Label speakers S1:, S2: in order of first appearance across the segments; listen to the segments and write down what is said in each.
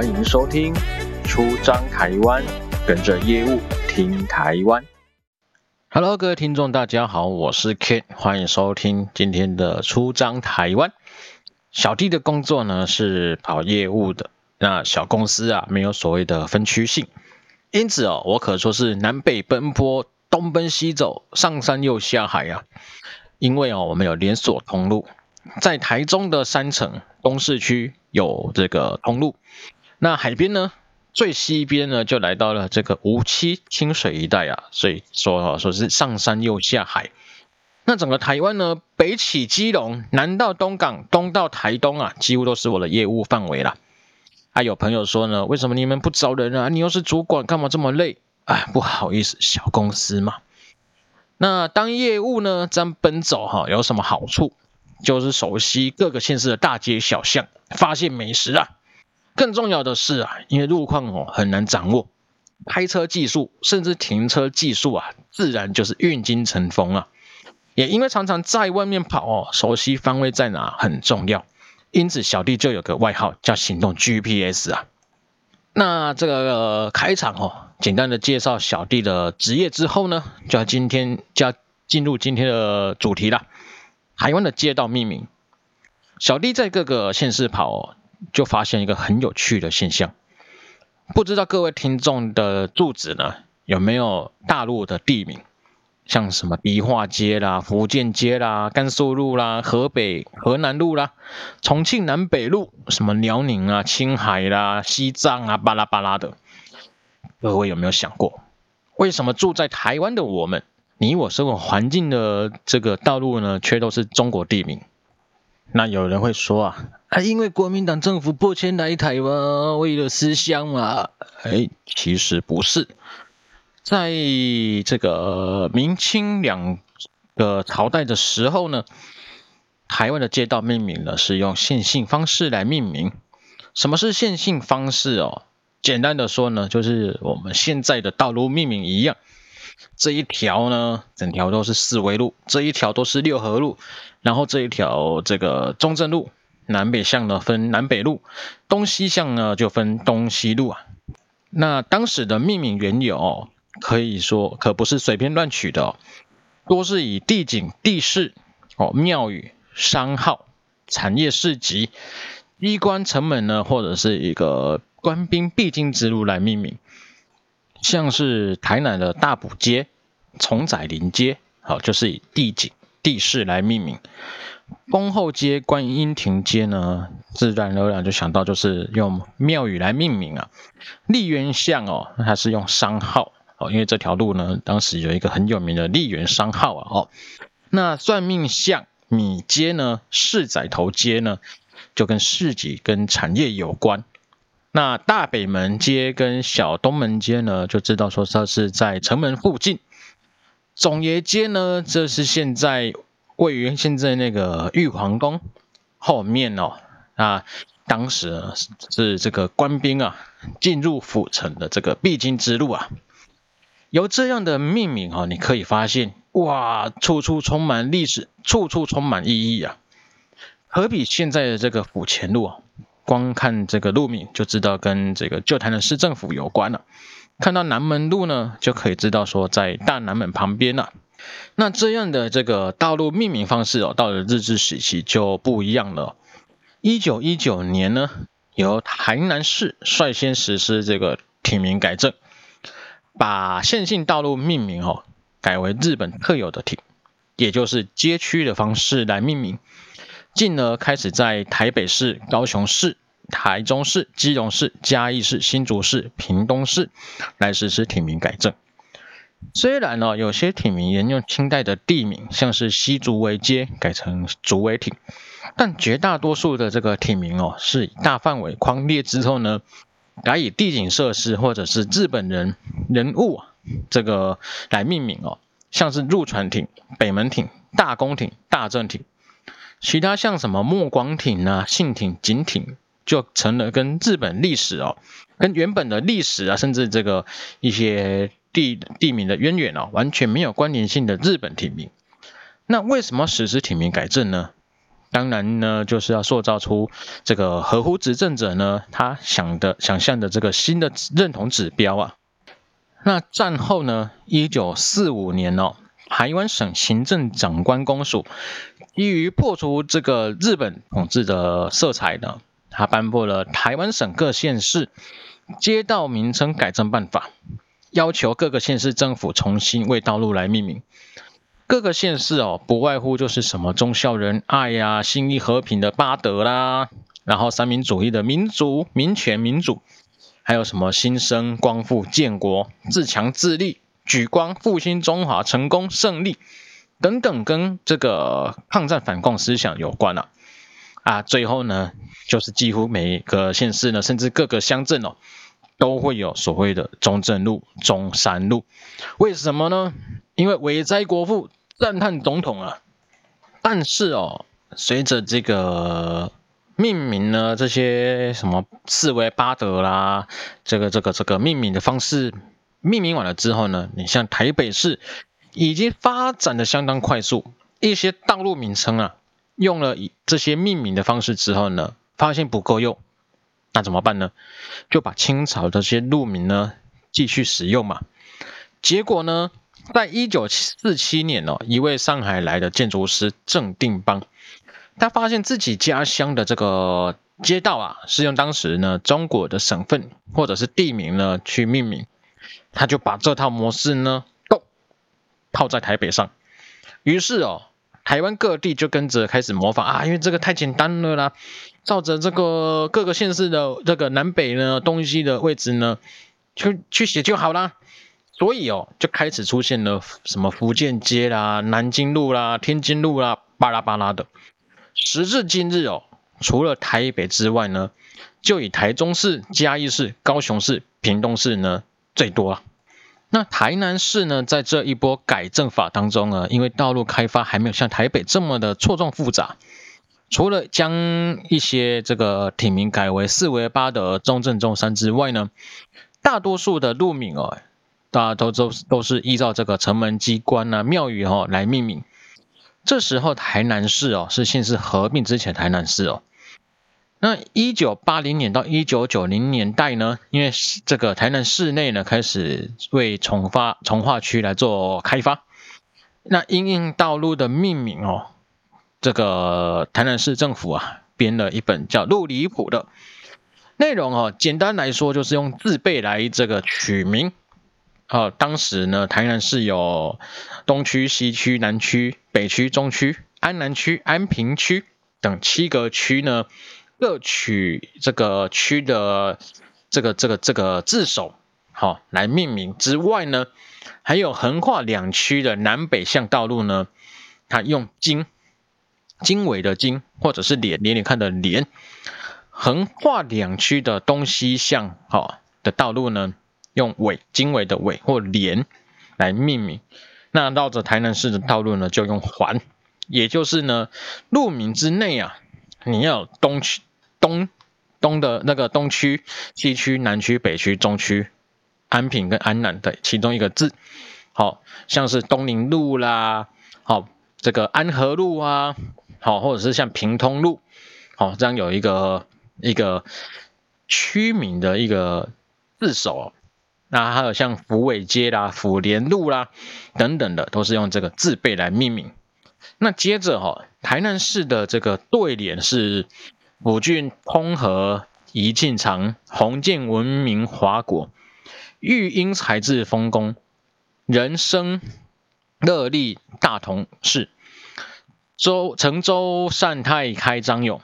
S1: 歡迎收聽《出張台灣》，跟着業務聽台灣。Hello，各位聽眾，大家好，我是 Ken，歡迎收聽今天的《出張台灣》。小弟的工作呢是跑業務的，那小公司啊沒有所謂的分區性，因此哦，我可說是南北奔波，東奔西走，上山又下海呀、啊。因為哦，我們有連鎖通路，在台中的山城東市區有這個通路。那海邊呢？最西邊呢，就來到了這個梧棲清水一帶啊。所以說，說是上山又下海。那整個台灣呢，北起基隆，南到東港，東到台東啊，幾乎都是我的業務範圍啦。還、啊、有朋友說呢，為什麼你們不招人啊？你又是主管，幹嘛這麼累？哎，不好意思，小公司嘛。那當業務呢，這樣奔走哈、啊，有什麼好處？就是熟悉各個縣市的大街小巷，發現美食啊。更重要的是啊，因為路況哦很難掌握，開車技術甚至停車技術啊，自然就是運斤成風了啊。也因為常常在外面跑哦，熟悉方位在哪很重要，因此小弟就有個外號叫行動 GPS 啊。那這個開場哦，簡單的介紹小弟的職業之後呢，就要今天就要進入今天的主題了。台灣的街道命名，小弟在各個縣市跑哦。就發現一個很有趣的現象，不知道各位聽眾的住址呢，有沒有大陸的地名，像什麼迪化街啦、福建街啦、甘肅路啦、河北河南路啦、重慶南北路，什麼遼寧啊、青海啦、西藏啊，巴拉巴拉的。各位有沒有想過，為什麼住在台灣的我們，你我生活環境的這個道路呢，卻都是中國地名？那有人會說啊，啊，因為國民黨政府播遷來台灣，為了思鄉嘛。哎，其實不是，在這個明清兩個朝代的時候呢，台灣的街道命名呢是用線性方式來命名。什麼是線性方式哦？簡單的說呢，就是我們現在的道路命名一樣。這一條呢，整條都是四維路；這一條都是六合路；然後這一條這個中正路。南北向呢分，南北路，東西向呢就分東西路啊。那當時的命名緣由，可以說可不是隨便亂取的，哦。多是以地景、地勢、哦廟宇、商號、產業市集、衣冠城門呢，或者是一個官兵必經之路來命名。像是台南的大埔街、崇載林街，好、哦，就是以地景、地勢來命名。宮後街、觀音,音亭街呢，自然而然就想到就是用廟宇來命名啊。麗園巷哦，它是用商號哦，因為這條路呢，當時有一個很有名的麗園商號啊哦。那算命巷、米街呢、市仔頭街呢，就跟市集跟產業有關。那大北門街跟小東門街呢，就知道說它是在城門附近。總爺街呢，這是現在。位於現在那個玉皇宮後面哦，啊，當時是這個官兵啊進入府城的這個必經之路啊，由這樣的命名哦，你可以發現哇，處處充滿歷史，處處充滿意義啊。何比現在的這個府前路啊，光看這個路名就知道跟這個舊臺的市政府有關了，啊。看到南門路呢，就可以知道說在大南門旁邊了，啊。那這樣的這個道路命名方式哦，到了日治時期就不一樣了。一九一九年呢，由台南市率先實施這個町名改正，把線性道路命名哦，改為日本特有的町，也就是街區的方式來命名，進而開始在台北市、高雄市、台中市、基隆市、嘉義市、新竹市、屏東市來實施町名改正。雖然呢，有些町名沿用清代的地名，像是西竹圍街，改成竹圍町，但絕大多數的這個町名哦，是以大範圍匡列之後呢，改以地景設施或者是日本人人物這個來命名哦，像是入船町、北門町、大宮町、大正町，其他像什麼木光町啊、信町、景町，就成了跟日本歷史哦、跟原本的歷史啊，甚至這個一些。地地名的淵源啊、哦，完全沒有關聯性的日本町名，那為什麼實施町名改正呢？當然呢，就是要塑造出這個合乎執政者呢，他想的想象的這個新的認同指標啊。那戰後呢，一九四五年哦，台灣省行政長官公署，基於破除這個日本統治的色彩呢，他頒布了《台灣省各縣市街道名稱改正辦法》。要求各個縣市政府重新為道路來命名，各個縣市哦，不外乎就是什麼忠孝仁愛呀、信義、和平的八德啦、啊，然後三民主義的民族、民權、民主，還有什麼新生、光復、建國、自強、自立、莒光、復興中華、成功勝利等等，跟這個抗戰反共思想有關了。啊，啊，最後呢，就是幾乎每一個縣市呢，甚至各個鄉鎮哦。都會有所謂的中正路、中山路，為什麼呢？因為偉哉國父，讚嘆總統啊。但是哦，隨着這個命名呢，這些什麼四維八德啦、啊，這個這個這個命名的方式，命名完了之後呢，你像台北市已經發展的相當快速，一些道路名稱啊，用了以這些命名的方式之後呢，發現不夠用。那怎麼辦呢？就把清朝這些路名呢繼續使用嘛。結果呢，在一九四七年哦，一位上海來的建築師鄭定邦，他發現自己家鄉的這個街道啊，是用當時呢中國的省份或者是地名呢去命名，他就把這套模式呢套在台北上，於是哦，台灣各地就跟着開始模仿啊，因為這個太簡單了啦。照着這個各個縣市的這個南北呢、東西的位置呢，去，去寫就好啦。所以哦，就開始出現了什麼福建街啦、南京路啦、天津路啦，巴拉巴拉的。時至今日哦，除了台北之外呢，就以台中市、嘉義市、高雄市、屏東市呢最多。那台南市呢，在這一波改正法當中呢，因為道路開發還沒有像台北這麼的錯綜複雜。除了將一些這個地名改為四維八德、中正、中山之外呢，大多數的路名哦，大家都都都是依照這個城門機關吶、啊、廟宇哦來命名。這時候台南市哦，是縣市合併之前的台南市哦。那一九八零年到一九九零年代呢，因為這個台南市內呢開始為重發重劃區來做開發，那因應道路的命名哦。這個台南市政府啊編了一本叫《陸離譜》的內容哦、啊，簡單來說就是用字輩來這個取名啊。當時呢，台南市有東區、西區、南區、北區、中區、安南區、安平區等七個區呢，各取這個區的這個這個這個這個字首好、啊、來命名。之外呢，還有橫跨兩區的南北向道路呢，它用經，經緯的經，或者是連連連看的連，橫跨兩區的東西向好的道路呢，用緯經緯的緯或連來命名。那繞着台南市的道路呢，就用環，也就是呢路名之內啊，你要東區東東的那個東區、西區、南區、北區、中區、安平跟安南的其中一個字，好、哦、像是東寧路啦，好、哦、這個安和路啊。好，或者是像平通路，好，這樣有一個一個區名的一個字首，那還有像福尾街啦、福聯路啦等等的，都是用這個字輩來命名。那接着哈，台南市的這個對聯是：五郡通和宜慶長，宏建文明華國，育英才智豐功，人生樂利大同市。周成周善太開張勇，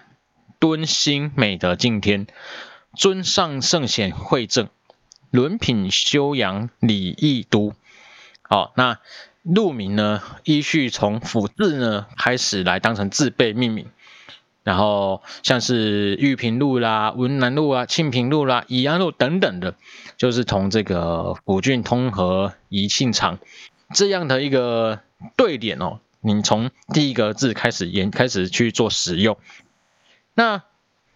S1: 敦心美德敬天，尊上聖賢惠政，倫品修養禮義都。好，那路名呢？依序從府字呢開始來當成字輩命名，然後像是玉屏路啦、文南路啊、清平路啦、宜安路等等的，就是從這個府郡通和宜慶長這樣的一個對聯哦。你從第一個字開始研，也開始去做使用。那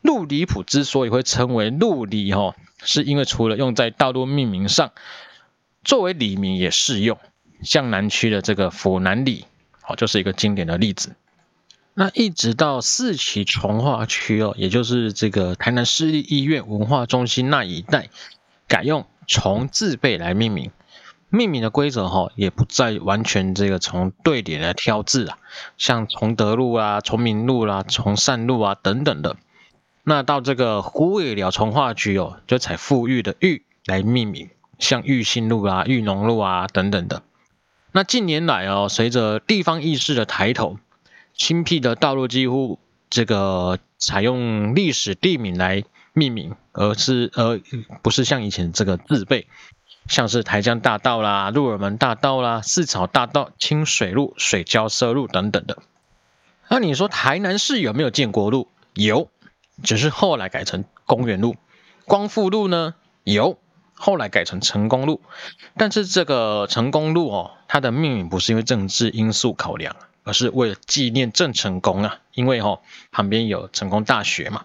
S1: 陸離譜之所以會稱為陸離哦，是因為除了用在道路命名上，作為里名也適用。像南區的這個府南里，哦，就是一個經典的例子。那一直到四期重劃區哦，也就是這個台南市立醫院文化中心那一帶，改用崇字輩來命名。命名的規則哈，也不再完全這個從對聯來挑字啊，像崇德路啊、崇明路啦、啊、崇善路啊等等的。那到這個虎尾寮崇化區哦，就採富裕的裕來命名，像裕興路啊、裕農路啊等等的。那近年來哦，隨着地方意識的抬頭，新闢的道路幾乎這個採用歷史地名來命名，而是而不是像以前這個字輩。像是台江大道啦、鹿耳門大道啦、四草大道、清水路、水交社路等等的。那、啊、你說台南市有沒有建國路？有，只、就是後來改成公園路。光復路呢？有，後來改成成功路。但是這個成功路哦，它的命名不是因為政治因素考量，而是為了紀念鄭成功啊。因為哦，旁邊有成功大學嘛。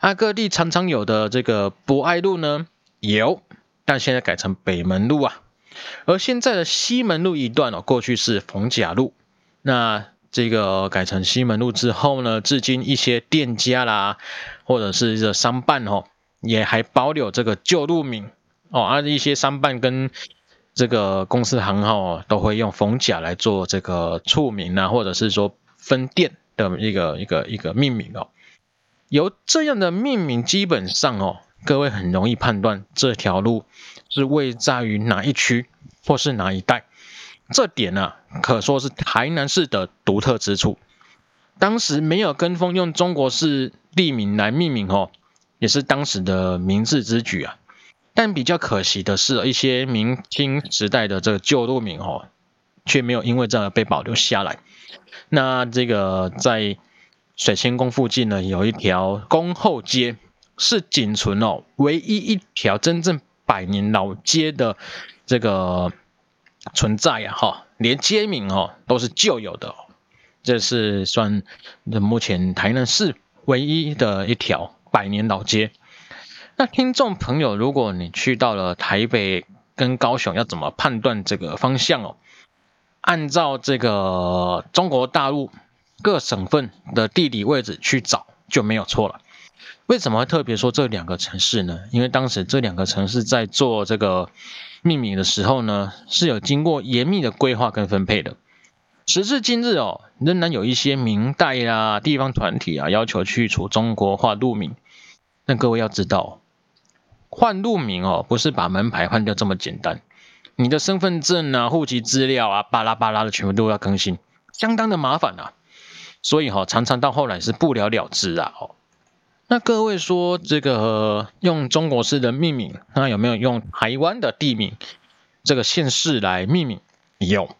S1: 啊，各地常常有的這個博愛路呢，有。但現在改成北門路啊，而現在的西門路一段哦，過去是逢甲路，那這個改成西門路之後呢，至今一些店家啦，或者是一個商辦哦，也還保留這個舊路名哦，而、啊、一些商辦跟這個公司行號哦，都會用逢甲來做這個處名啊，或者是說分店的一個一個一個命名哦，由這樣的命名基本上哦。各位很容易判斷這條路是位在於哪一區或是哪一帶，這點呢、啊、可說是台南市的獨特之處。當時沒有跟風用中國式地名來命名哦，也是當時的明智之舉啊。但比較可惜的是，一些明清時代的這個舊路名哦，卻沒有因為這樣被保留下來。那這個在水仙宮附近呢，有一條宮後街。是僅存哦，唯一一條真正百年老街的這個存在呀，哈，連街名哦都是舊有的，這是算目前台南市唯一的一條百年老街。那聽眾朋友，如果你去到了台北跟高雄，要怎麼判斷這個方向哦？按照這個中國大陸各省份的地理位置去找，就沒有錯了。為什麼特別說這兩個城市呢？因為當時這兩個城市在做這個命名的時候呢，是有經過嚴密的規劃跟分配的。時至今日哦，仍然有一些民代啊、地方團體啊，要求去除中國化路名。但各位要知道，換路名哦，不是把門牌換掉這麼簡單，你的身份證啊、戶籍資料啊，巴拉巴拉的全部都要更新，相當的麻煩啊。所以哈，常常到後來是不了了之啊。那各位說，這個、呃、用中國式的命名，那有沒有用台灣的地名、這個縣市來命名？有，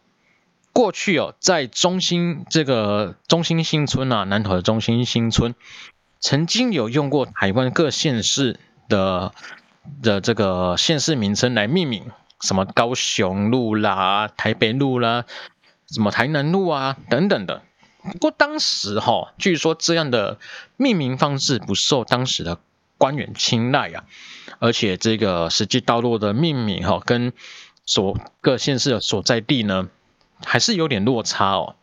S1: 過去哦，在中心這個中心新村啊，南投的中心新村，曾經有用過台灣各縣市的的這個縣市名稱來命名，什麼高雄路啦、台北路啦、什麼台南路啊等等的。不過當時哈、哦，據說這樣的命名方式不受當時的官員青睞啊，而且這個實際道路的命名哈、哦，跟所各縣市的所在地呢，還是有點落差哦。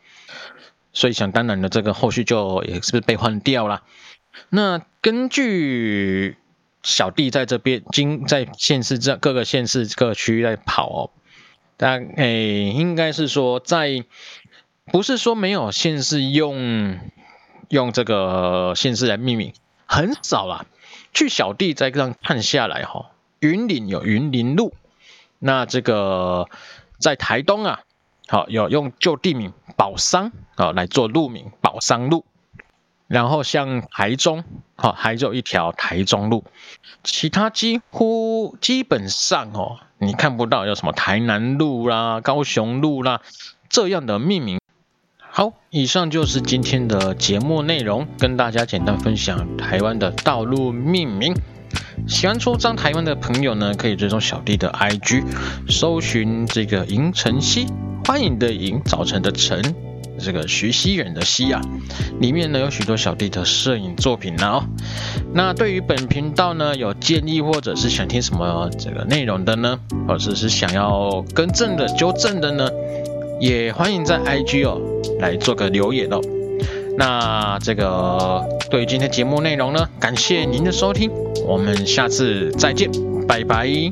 S1: 所以想當然的，這個後續就也是不是被換掉啦。那根據小弟在這邊經在縣市這各個縣市各個區域在跑哦，但誒，應該是說在。不是說沒有，縣市用用這個縣市來命名很少啦，啊。據小弟在上看下來，哈，雲林有雲林路，那這個在台東啊，好有用舊地名寶山啊來做路名寶山路，然後像台中好還有一條台中路，其他幾乎基本上哦，你看不到有什麼台南路啦，啊，高雄路啦，啊，這樣的命名。好，以上就是今天的節目內容，跟大家簡單分享台灣的道路命名。喜歡出張台灣的朋友呢，可以追蹤小弟的 IG，搜尋這個“迎晨熙”，歡迎的迎早晨的晨，這個徐熙媛的熙啊，裡面呢有許多小弟的攝影作品呢哦。那對於本頻道呢，有建議或者是想聽什麼這個內容的呢，或者是想要更正的、糾正的呢？也歡迎在 IG 哦，來做個留言哦。那這個，對於今天節目內容呢，感謝您的收聽，我們下次再見，拜拜。